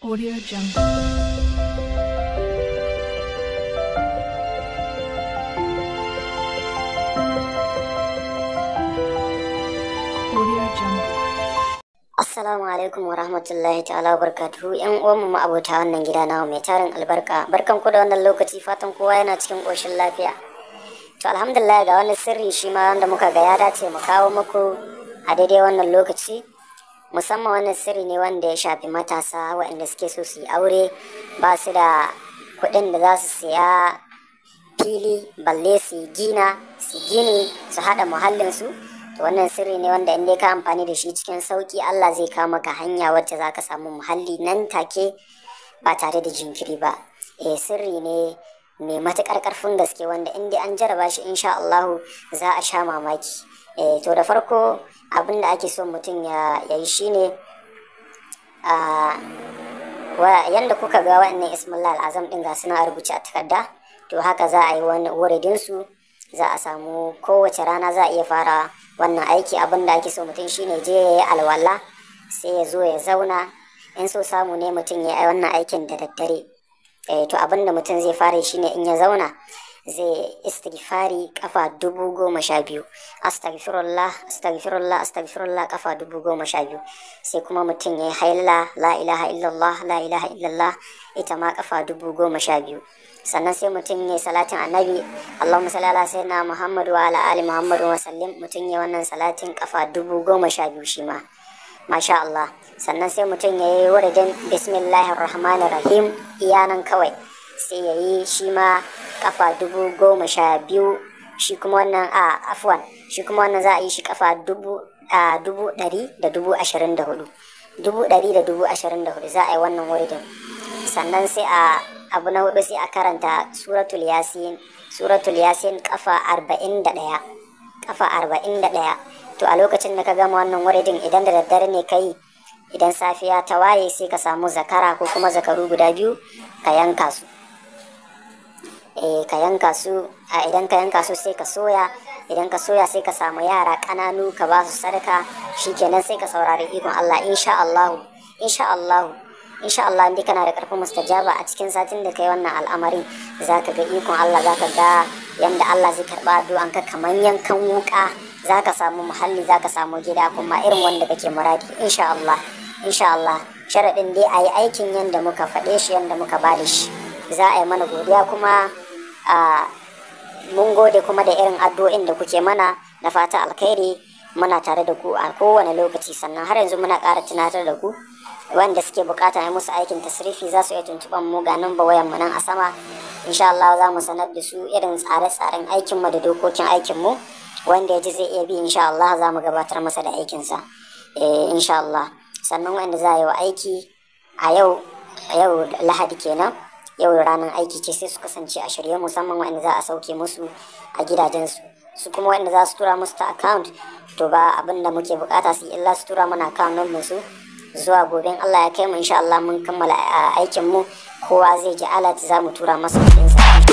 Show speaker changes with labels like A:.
A: Audio Jungle. Assalamu alaikum wa rahmatullahi ta'ala wa barakatuhu ƴan mu abota wannan gida nawa mai tarin albarka barkan ku da wannan lokaci fatan kowa yana cikin koshin lafiya to alhamdulillah ga wani sirri shi ma wanda muka ga ya dace mu kawo muku a daidai wannan lokaci musamman wannan sirri ne wanda ya shafi matasa waɗanda suke so su yi aure ba su da kuɗin da za su siya fili balle su yi gina su gini su haɗa muhallinsu to wannan sirri ne wanda inda ka amfani da shi cikin sauƙi Allah zai kawo maka hanya wacce za ka samu muhalli nan take ba tare da jinkiri ba eh sirri ne mai matuƙar ƙarfin gaske wanda inda an jaraba shi insha Allahu za a sha mamaki e, to da farko abin da ake so mutum ya yi shine a yanda kuka ga wa'annan ismullah azam ɗin ga suna rubuce a takarda to haka za a yi wani wuridinsu za a samu kowace rana za a iya fara wannan aiki abin da ake so mutum shine je ya yi alwala sai ya zo ya zauna in so samu ne mutum ya yi wannan aikin da daddare Eh, to abin da mutum zai fara shine in ya zauna zai istighfari kafa dubu goma sha biyu astaghfirullah astaghfirullah astaghfirullah kafa dubu goma sha biyu sai kuma mutum ya yi haila la ilaha illallah la ilaha illallah ita ma kafa dubu goma sha biyu sannan sai mutum ya yi salatin annabi allahumma salli ala sayyidina muhammad wa ala ali muhammad wa sallim mutum ya wannan salatin kafa dubu goma sha biyu shi ma masha Allah sannan sai mutum ya yi wuridin bismillahir rahmanir rahim iyanan kawai sai ya yi shi ma kafa dubu goma sha biyu shi kuma wannan a afwan shi kuma wannan za a yi shi kafa dubu a dubu ɗari da dubu ashirin da hudu dubu ɗari da dubu ashirin da hudu za a yi wannan wuridin sannan sai a abu na hudu sai a karanta suratul yasin suratul yasin kafa arba'in da ɗaya kafa arba'in da ɗaya to a lokacin da ka gama wannan wuridin idan da daddare ne kai idan safiya ta waye sai ka samu zakara ko kuma zakaru guda biyu ka yanka su eh ka yanka su a idan ka yanka su sai ka soya idan ka soya sai ka samu yara kananu ka ba su sadaka shikenan sai ka saurari ikon Allah insha Allah insha Allah insha Allah in kana da karfin mustajaba a cikin satin da kai wannan al'amari zaka ga ikon Allah zaka ga yanda Allah zai karba addu'an ka kaman yankan wuka za ka samu muhalli za ka samu gida kuma irin wanda kake muradi insha Allah insha Allah sharaɗin dai a yi aikin yanda muka faɗe shi yadda muka ba da shi za a yi mana godiya kuma a mun gode kuma da irin addu'o'in da kuke mana na fata alkhairi muna tare da ku a kowane lokaci sannan har yanzu muna ƙara tunatar da ku wanda suke bukata ya musu aikin tasrifi za su iya tuntuban mu ga nan wayan mu nan a sama insha Allah za mu sanar da su irin tsare-tsaren aikin mu da dokokin aikin mu wanda ya ji zai iya bi insha Allah za mu gabatar masa da aikinsa eh, insha Allah sannan wanda za a yi wa aiki a yau yau lahadi kenan yau ranar aiki ce sai su kasance a shirye musamman wanda za a sauke musu a gidajensu su kuma wanda za su tura musu ta account to ba abin da muke bukata su illa su tura mana account nan su zuwa gobe Allah ya kai mu insha Allah mun kammala aikin mu kowa zai ji alat za mu tura masa kuɗin sa